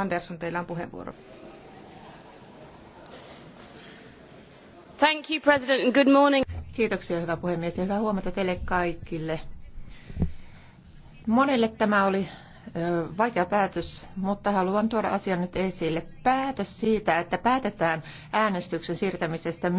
Andersson, teillä on puheenvuoro. Thank you, President, and good morning. Kiitoksia, hyvä puhemies, ja hyvää huomenta teille kaikille. Monelle tämä oli vaikea päätös, mutta haluan tuoda asian nyt esille. Päätös siitä, että päätetään äänestyksen siirtämisestä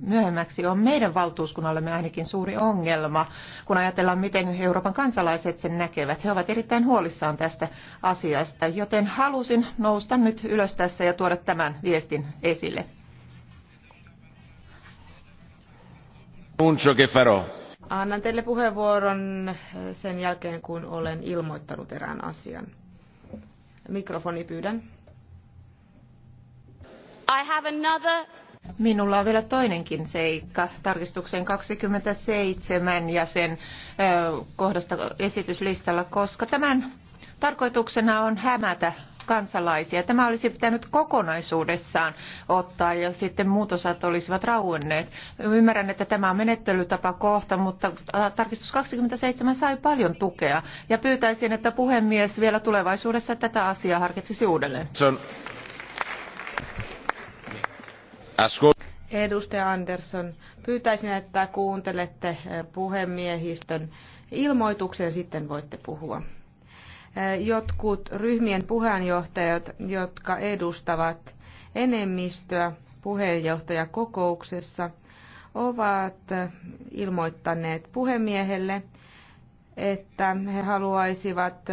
myöhemmäksi on meidän valtuuskunnallemme ainakin suuri ongelma, kun ajatellaan, miten Euroopan kansalaiset sen näkevät. He ovat erittäin huolissaan tästä asiasta, joten halusin nousta nyt ylös tässä ja tuoda tämän viestin esille. Un Annan teille puheenvuoron sen jälkeen, kun olen ilmoittanut erään asian. Mikrofoni pyydän. I have another... Minulla on vielä toinenkin seikka. Tarkistuksen 27 ja sen kohdasta esityslistalla, koska tämän tarkoituksena on hämätä kansalaisia. Tämä olisi pitänyt kokonaisuudessaan ottaa ja sitten muutosat olisivat rauenneet. Ymmärrän, että tämä on menettelytapa kohta, mutta tarkistus 27 sai paljon tukea ja pyytäisin, että puhemies vielä tulevaisuudessa tätä asiaa harkitsisi uudelleen. Edustaja Andersson, pyytäisin, että kuuntelette puhemiehistön ilmoituksen, sitten voitte puhua jotkut ryhmien puheenjohtajat, jotka edustavat enemmistöä puheenjohtajakokouksessa, ovat ilmoittaneet puhemiehelle, että he haluaisivat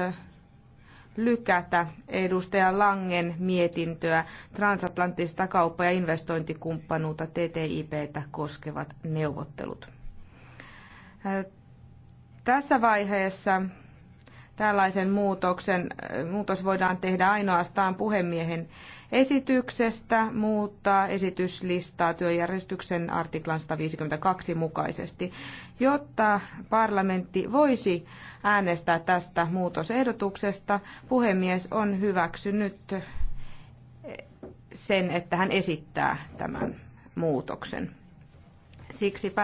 lykätä edustaja Langen mietintöä transatlanttista kauppa- ja investointikumppanuutta TTIPtä koskevat neuvottelut. Tässä vaiheessa Tällaisen muutoksen, muutos voidaan tehdä ainoastaan puhemiehen esityksestä muuttaa esityslistaa työjärjestyksen artiklan 152 mukaisesti. Jotta parlamentti voisi äänestää tästä muutosehdotuksesta, puhemies on hyväksynyt sen, että hän esittää tämän muutoksen. Siksipä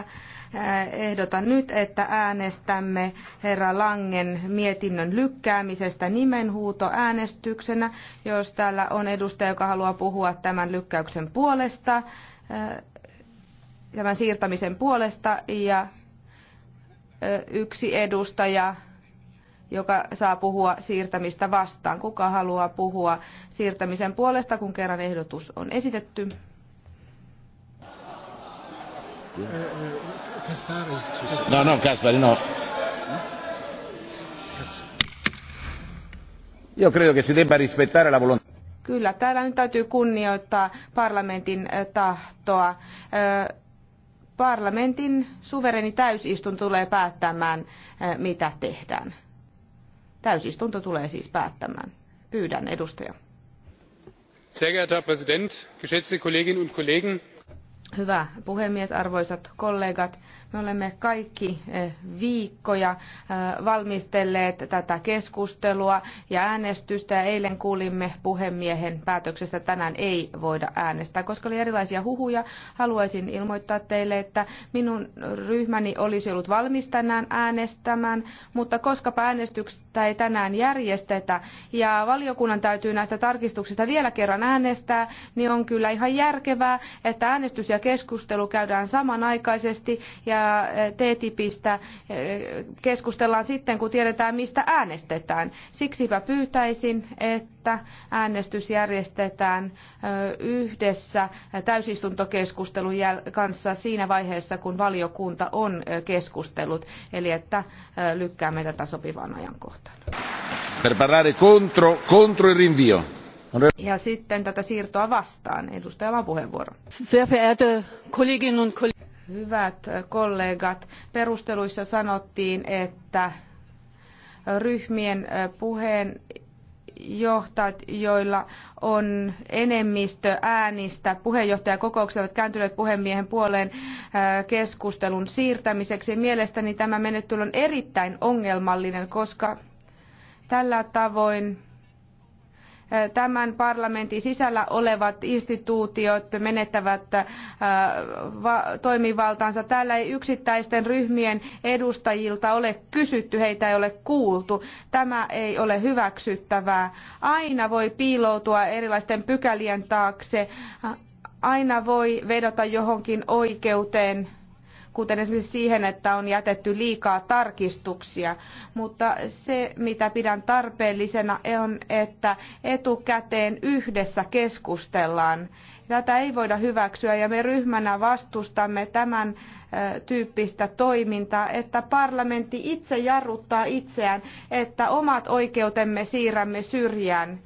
eh, ehdotan nyt, että äänestämme herra Langen mietinnön lykkäämisestä nimenhuuto äänestyksenä. Jos täällä on edustaja, joka haluaa puhua tämän lykkäyksen puolesta, eh, tämän siirtämisen puolesta ja eh, yksi edustaja, joka saa puhua siirtämistä vastaan. Kuka haluaa puhua siirtämisen puolesta, kun kerran ehdotus on esitetty? Kaspari. Eh, eh, no, no, Kaspari, no. Io credo che si debba rispettare la volontà. Kyllä, täällä nyt täytyy kunnioittaa parlamentin eh, tahtoa. Parlamentin suvereni täysistunto tulee päättämään, mitä tehdään. Täysistunto tulee siis päättämään. Pyydän, edustaja. Sehr geehrter Herr Präsident, geschätzte Kolleginnen und Kollegen! Hyvä puhemies, arvoisat kollegat. Me olemme kaikki eh, viikkoja eh, valmistelleet tätä keskustelua ja äänestystä. Ja eilen kuulimme puhemiehen päätöksestä, tänään ei voida äänestää. Koska oli erilaisia huhuja, haluaisin ilmoittaa teille, että minun ryhmäni olisi ollut valmis tänään äänestämään, mutta koska äänestyksestä ei tänään järjestetä ja valiokunnan täytyy näistä tarkistuksista vielä kerran äänestää, niin on kyllä ihan järkevää, että äänestys ja keskustelu käydään samanaikaisesti ja ja e, TTIPistä e, keskustellaan sitten, kun tiedetään, mistä äänestetään. Siksipä pyytäisin, että äänestys järjestetään e, yhdessä täysistuntokeskustelun kanssa siinä vaiheessa, kun valiokunta on keskustellut, eli että lykkäämme tätä sopivaan ajankohtaan. Per parlare contro, contro il rinvio. Ja sitten tätä siirtoa vastaan. Edustajalla on puheenvuoro. Sehr verehrte Kolleginnen und Kollegen. Hyvät kollegat, perusteluissa sanottiin, että ryhmien puheen johtajat, joilla on enemmistö äänistä puheenjohtajakokouksella, ovat kääntyneet puhemiehen puoleen keskustelun siirtämiseksi. Mielestäni tämä menettely on erittäin ongelmallinen, koska tällä tavoin tämän parlamentin sisällä olevat instituutiot menettävät toimivaltaansa. Täällä ei yksittäisten ryhmien edustajilta ole kysytty, heitä ei ole kuultu. Tämä ei ole hyväksyttävää. Aina voi piiloutua erilaisten pykälien taakse. Aina voi vedota johonkin oikeuteen kuten esimerkiksi siihen, että on jätetty liikaa tarkistuksia. Mutta se, mitä pidän tarpeellisena, on, että etukäteen yhdessä keskustellaan. Tätä ei voida hyväksyä ja me ryhmänä vastustamme tämän tyyppistä toimintaa, että parlamentti itse jarruttaa itseään, että omat oikeutemme siirrämme syrjään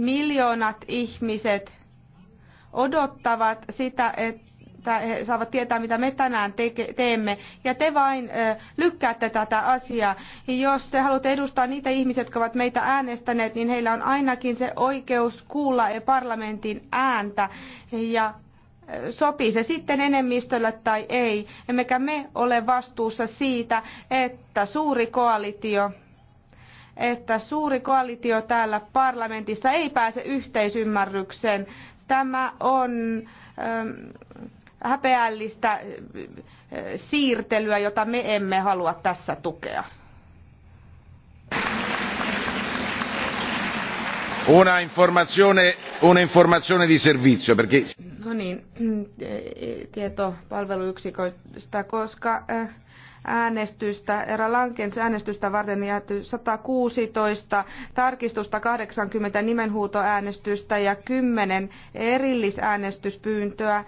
miljoonat ihmiset odottavat sitä, että he saavat tietää, mitä me tänään teemme. Ja te vain lykkäätte tätä asiaa. Jos te haluatte edustaa niitä ihmisiä, jotka ovat meitä äänestäneet, niin heillä on ainakin se oikeus kuulla e parlamentin ääntä. Ja sopii se sitten enemmistöllä tai ei. Emmekä me ole vastuussa siitä, että suuri koalitio että suuri koalitio täällä parlamentissa ei pääse yhteisymmärrykseen. Tämä on ähm, häpeällistä äh, siirtelyä, jota me emme halua tässä tukea. Una informazione, una informazione di servizio, perché... No niin, mm, tietopalveluyksiköstä, koska äh, äänestystä, Era Lankens äänestystä varten jääty 116, tarkistusta 80 nimenhuutoäänestystä ja 10 erillisäänestyspyyntöä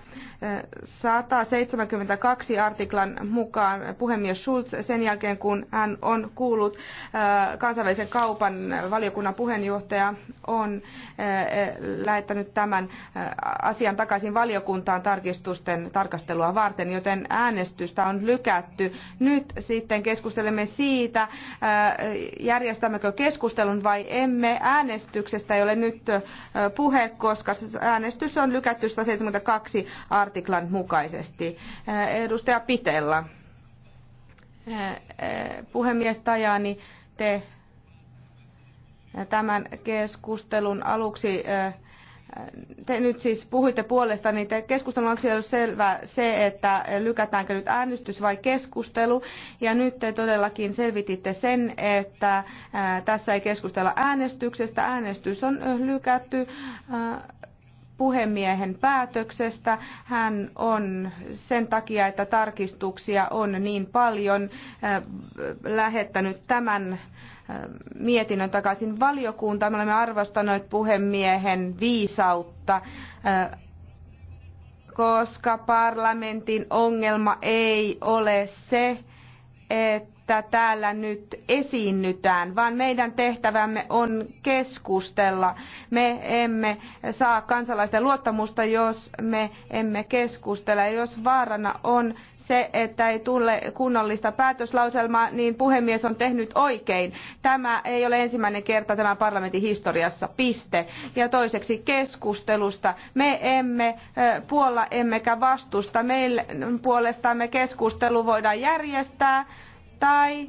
172 artiklan mukaan puhemies Schulz sen jälkeen, kun hän on kuullut äh, kansainvälisen kaupan valiokunnan puheenjohtaja, on äh, lähettänyt tämän äh, asian takaisin valiokuntaan tarkistusten tarkastelua varten, joten äänestystä on lykätty nyt sitten keskustelemme siitä, äh, järjestämmekö keskustelun vai emme. Äänestyksestä ei ole nyt äh, puhe, koska äänestys on lykätty 172 artiklan mukaisesti. Äh, edustaja Pitella, puhemies Tajani, te tämän keskustelun aluksi te nyt siis puhuitte puolesta, niin te keskustelun ollut selvä se, että lykätäänkö nyt äänestys vai keskustelu. Ja nyt te todellakin selvititte sen, että tässä ei keskustella äänestyksestä. Äänestys on lykätty puhemiehen päätöksestä. Hän on sen takia, että tarkistuksia on niin paljon äh, lähettänyt tämän äh, mietinnön takaisin valiokuntaan. Me olemme arvostaneet puhemiehen viisautta äh, koska parlamentin ongelma ei ole se, että että täällä nyt esiinnytään, vaan meidän tehtävämme on keskustella. Me emme saa kansalaisten luottamusta, jos me emme keskustele. Jos vaarana on se, että ei tule kunnollista päätöslauselmaa, niin puhemies on tehnyt oikein. Tämä ei ole ensimmäinen kerta tämän parlamentin historiassa, piste. Ja toiseksi keskustelusta. Me emme puolla emmekä vastusta. Meidän puolestamme keskustelu voidaan järjestää tai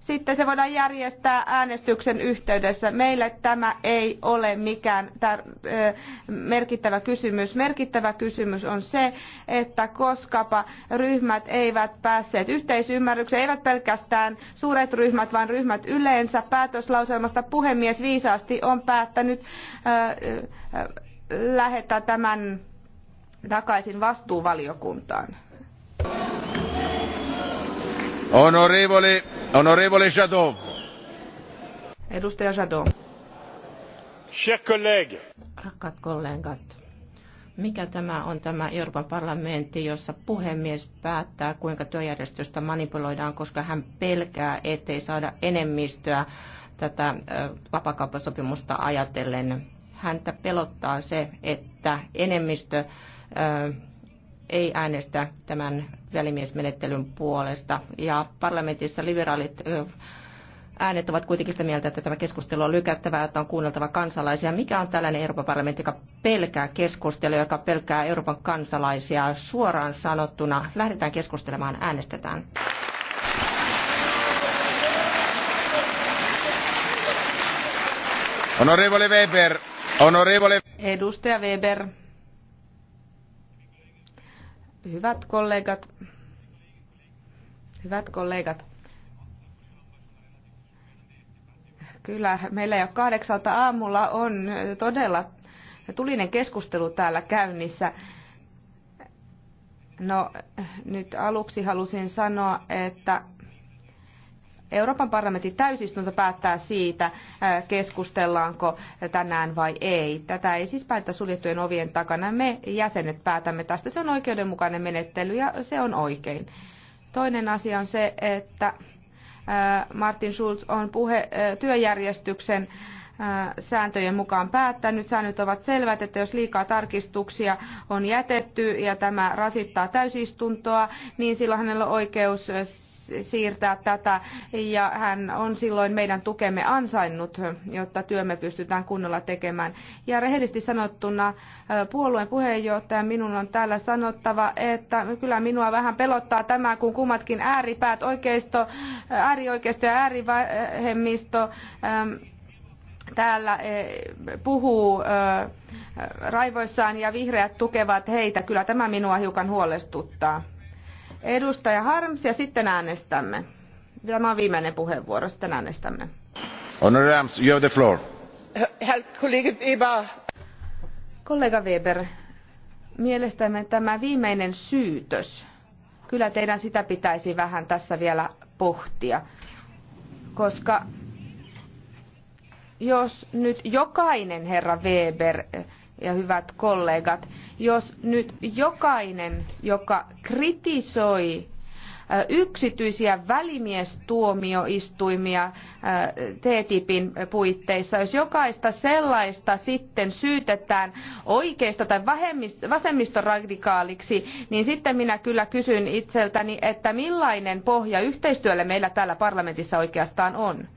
sitten se voidaan järjestää äänestyksen yhteydessä. Meille tämä ei ole mikään merkittävä kysymys. Merkittävä kysymys on se, että koskapa ryhmät eivät päässeet yhteisymmärrykseen, eivät pelkästään suuret ryhmät, vaan ryhmät yleensä. Päätöslauselmasta puhemies viisaasti on päättänyt lähettää tämän takaisin vastuuvaliokuntaan. Onorevole, onorevole Jadot. Edustaja Jadot. Chers Rakkaat kollegat mikä tämä on tämä Euroopan parlamentti, jossa puhemies päättää, kuinka työjärjestystä manipuloidaan, koska hän pelkää, ettei saada enemmistöä tätä vapakauppasopimusta ajatellen. Häntä pelottaa se, että enemmistö ei äänestä tämän välimiesmenettelyn puolesta. Ja parlamentissa liberaalit äänet ovat kuitenkin sitä mieltä, että tämä keskustelu on lykättävää, että on kuunneltava kansalaisia. Mikä on tällainen Euroopan parlamentti, joka pelkää keskustelua, joka pelkää Euroopan kansalaisia suoraan sanottuna? Lähdetään keskustelemaan, äänestetään. Onorevole Weber, onorevole... Edustaja Weber. Hyvät kollegat, hyvät kollegat, kyllä meillä jo kahdeksalta aamulla on todella tulinen keskustelu täällä käynnissä. No nyt aluksi halusin sanoa, että Euroopan parlamentin täysistunto päättää siitä, keskustellaanko tänään vai ei. Tätä ei siis päätä suljettujen ovien takana. Me jäsenet päätämme tästä. Se on oikeudenmukainen menettely ja se on oikein. Toinen asia on se, että Martin Schulz on puhe, työjärjestyksen sääntöjen mukaan päättänyt. Säännöt ovat selvät, että jos liikaa tarkistuksia on jätetty ja tämä rasittaa täysistuntoa, niin silloin hänellä on oikeus siirtää tätä ja hän on silloin meidän tukemme ansainnut, jotta työmme pystytään kunnolla tekemään. Ja rehellisesti sanottuna puolueen puheenjohtaja minun on täällä sanottava, että kyllä minua vähän pelottaa tämä, kun kummatkin ääripäät, oikeisto, äärioikeisto ja äärivähemmistö täällä e, puhuu raivoissaan ja vihreät tukevat heitä. Kyllä tämä minua hiukan huolestuttaa. Edustaja Harms ja sitten äänestämme. Tämä on viimeinen puheenvuoro, sitten äänestämme. Honorable Harms, you have the floor. Herr Kollege Weber. Kollega Weber, mielestämme tämä viimeinen syytös, kyllä teidän sitä pitäisi vähän tässä vielä pohtia, koska jos nyt jokainen herra Weber ja hyvät kollegat, jos nyt jokainen, joka kritisoi äh, yksityisiä välimiestuomioistuimia äh, TTIPin puitteissa. Jos jokaista sellaista sitten syytetään oikeista tai vasemmistoradikaaliksi, niin sitten minä kyllä kysyn itseltäni, että millainen pohja yhteistyölle meillä täällä parlamentissa oikeastaan on.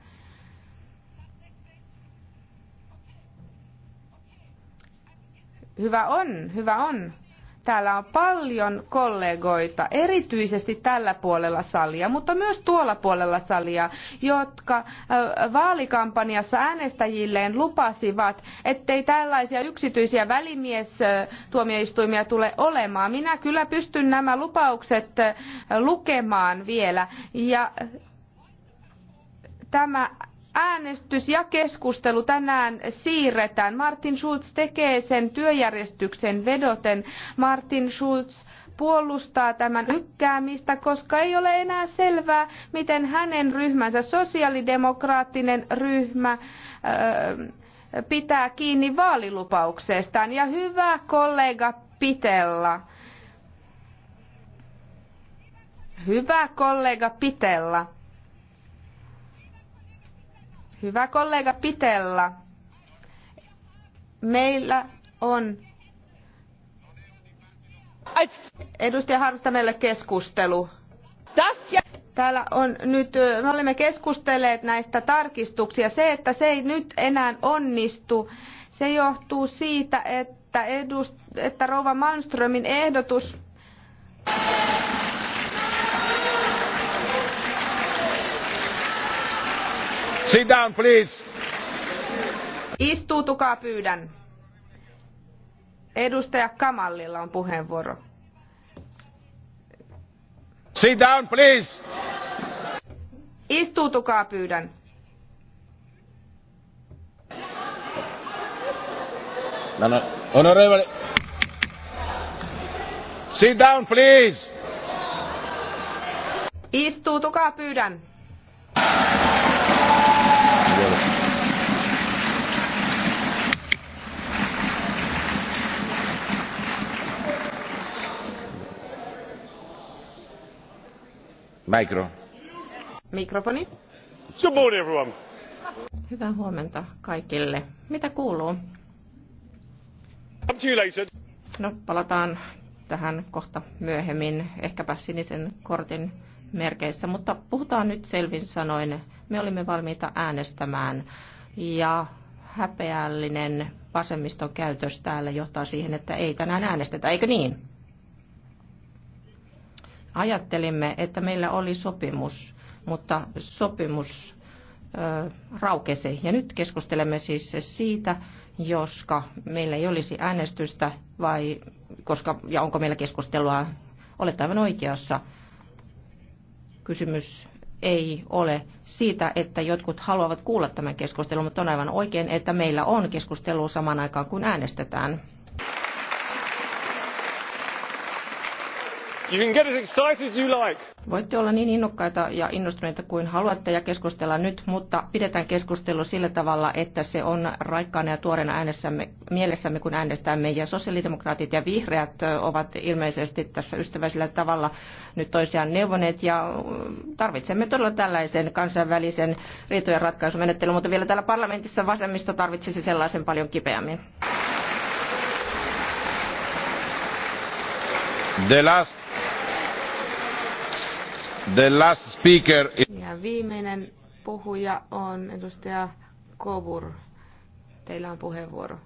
Hyvä on, hyvä on. Täällä on paljon kollegoita, erityisesti tällä puolella salia, mutta myös tuolla puolella salia, jotka vaalikampanjassa äänestäjilleen lupasivat, ettei tällaisia yksityisiä välimiestuomioistuimia tule olemaan. Minä kyllä pystyn nämä lupaukset lukemaan vielä. Ja tämä äänestys ja keskustelu tänään siirretään. Martin Schulz tekee sen työjärjestyksen vedoten. Martin Schulz puolustaa tämän lykkäämistä, koska ei ole enää selvää, miten hänen ryhmänsä, sosiaalidemokraattinen ryhmä, pitää kiinni vaalilupauksestaan. Ja hyvä kollega Pitella. Hyvä kollega Pitella Hyvä kollega Pitella, meillä on edustaja Harvista meille keskustelu. Täällä on nyt, me olemme keskustelleet näistä tarkistuksia. Se, että se ei nyt enää onnistu, se johtuu siitä, että, edust, että Rova Malmströmin ehdotus Sit down, please. Istuutukaa pyydän. Edustaja Kamallilla on puheenvuoro. Sit down, please. Istuutukaa pyydän. No, no, Sit down, please. Istuutukaa pyydän. Mikrofoni. Good morning everyone. Hyvää huomenta kaikille. Mitä kuuluu? Up to you later. No, palataan tähän kohta myöhemmin, ehkäpä sinisen kortin merkeissä, mutta puhutaan nyt selvin sanoin. Me olimme valmiita äänestämään ja häpeällinen vasemmiston käytös täällä johtaa siihen, että ei tänään äänestetä, eikö niin? Ajattelimme, että meillä oli sopimus, mutta sopimus raukesi. Ja nyt keskustelemme siis siitä, joska meillä ei olisi äänestystä vai koska, ja onko meillä keskustelua, olet aivan oikeassa. Kysymys ei ole siitä, että jotkut haluavat kuulla tämän keskustelun, mutta on aivan oikein, että meillä on keskustelu samaan aikaan, kun äänestetään. You can get as excited as you like. Voitte olla niin innokkaita ja innostuneita kuin haluatte ja keskustella nyt, mutta pidetään keskustelu sillä tavalla, että se on raikkaana ja tuoreena äänessämme, mielessämme, kun äänestämme. Ja sosiaalidemokraatit ja vihreät ovat ilmeisesti tässä ystävällisellä tavalla nyt toisiaan neuvoneet. Ja tarvitsemme todella tällaisen kansainvälisen riitojen ratkaisumenettelyn, mutta vielä täällä parlamentissa vasemmisto tarvitsisi sellaisen paljon kipeämmin. The last The last speaker is... Ja viimeinen puhuja on edustaja Kobur. Teillä on puheenvuoro.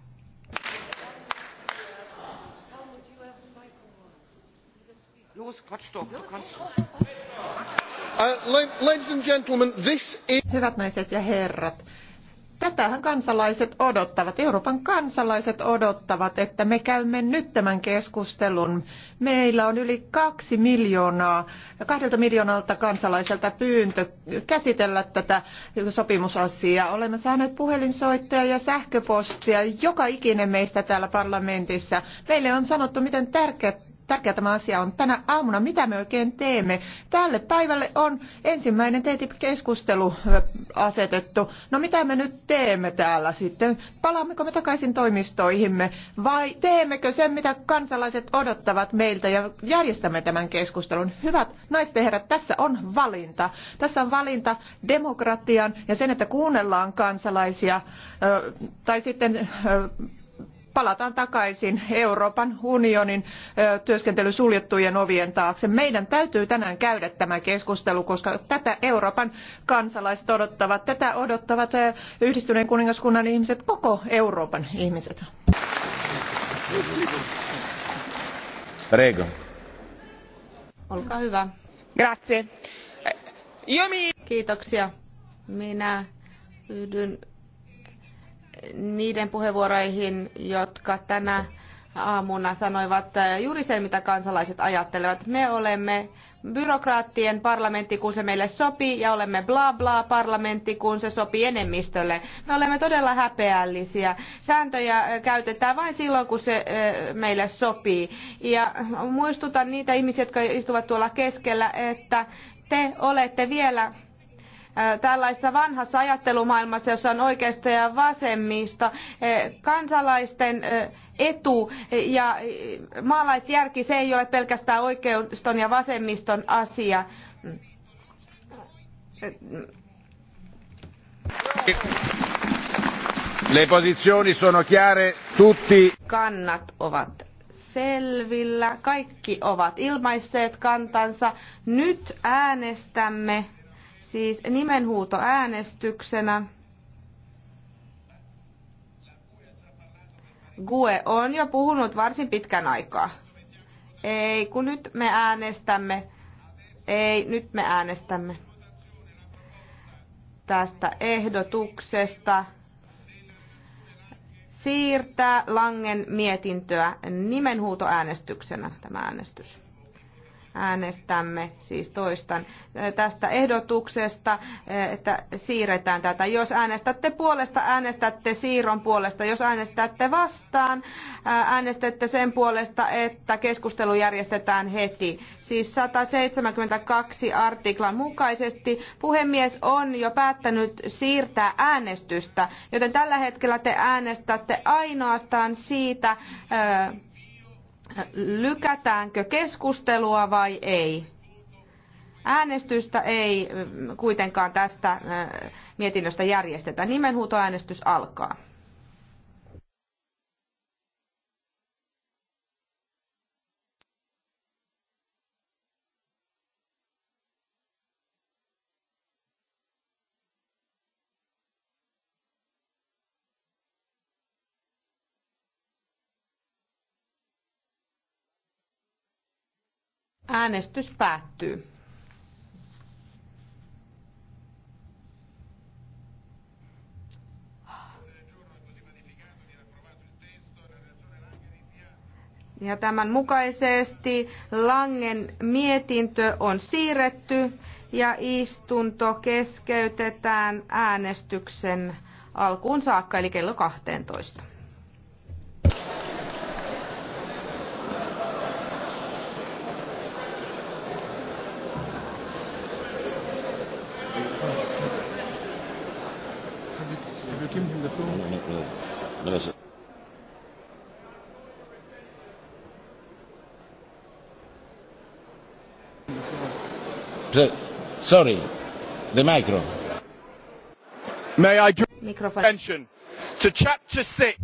Eh, Hyvät naiset ja herrat, Tätähän kansalaiset odottavat, Euroopan kansalaiset odottavat, että me käymme nyt tämän keskustelun. Meillä on yli kaksi miljoonaa, kahdelta miljoonalta kansalaiselta pyyntö käsitellä tätä sopimusasiaa. Olemme saaneet puhelinsoittoja ja sähköpostia, joka ikinen meistä täällä parlamentissa. Meille on sanottu, miten tärkeä tärkeä tämä asia on tänä aamuna. Mitä me oikein teemme? Tälle päivälle on ensimmäinen TTIP-keskustelu asetettu. No mitä me nyt teemme täällä sitten? Palaammeko me takaisin toimistoihimme vai teemmekö sen, mitä kansalaiset odottavat meiltä ja järjestämme tämän keskustelun? Hyvät naiset ja herrat, tässä on valinta. Tässä on valinta demokratian ja sen, että kuunnellaan kansalaisia tai sitten palataan takaisin Euroopan unionin työskentely suljettujen ovien taakse. Meidän täytyy tänään käydä tämä keskustelu, koska tätä Euroopan kansalaiset odottavat. Tätä odottavat yhdistyneen kuningaskunnan ihmiset, koko Euroopan ihmiset. Prego. Olkaa hyvä. Grazie. Kiitoksia. Minä yhdyn niiden puheenvuoroihin, jotka tänä aamuna sanoivat juuri sen, mitä kansalaiset ajattelevat. Me olemme byrokraattien parlamentti, kun se meille sopii, ja olemme bla bla parlamentti, kun se sopii enemmistölle. Me olemme todella häpeällisiä. Sääntöjä käytetään vain silloin, kun se meille sopii. Ja muistutan niitä ihmisiä, jotka istuvat tuolla keskellä, että te olette vielä tällaisessa vanhassa ajattelumaailmassa, jossa on oikeasta ja vasemmista, kansalaisten etu ja maalaisjärki, se ei ole pelkästään oikeiston ja vasemmiston asia. Le posizioni sono chiare, tutti. Kannat ovat selvillä, kaikki ovat ilmaisseet kantansa. Nyt äänestämme. Siis nimenhuuto äänestyksenä. GUE on jo puhunut varsin pitkän aikaa. Ei, kun nyt me äänestämme. Ei, nyt me äänestämme tästä ehdotuksesta siirtää Langen mietintöä nimenhuutoäänestyksenä tämä äänestys äänestämme, siis toistan, tästä ehdotuksesta, että siirretään tätä. Jos äänestätte puolesta, äänestätte siirron puolesta. Jos äänestätte vastaan, äänestätte sen puolesta, että keskustelu järjestetään heti. Siis 172 artiklan mukaisesti puhemies on jo päättänyt siirtää äänestystä, joten tällä hetkellä te äänestätte ainoastaan siitä, lykätäänkö keskustelua vai ei. Äänestystä ei mm, kuitenkaan tästä mm, mietinnöstä järjestetä. Nimenhuutoäänestys alkaa. Äänestys päättyy. Ja tämän mukaisesti Langen mietintö on siirretty ja istunto keskeytetään äänestyksen alkuun saakka, eli kello 12. Sorry, the micro. May I draw attention to chapter six.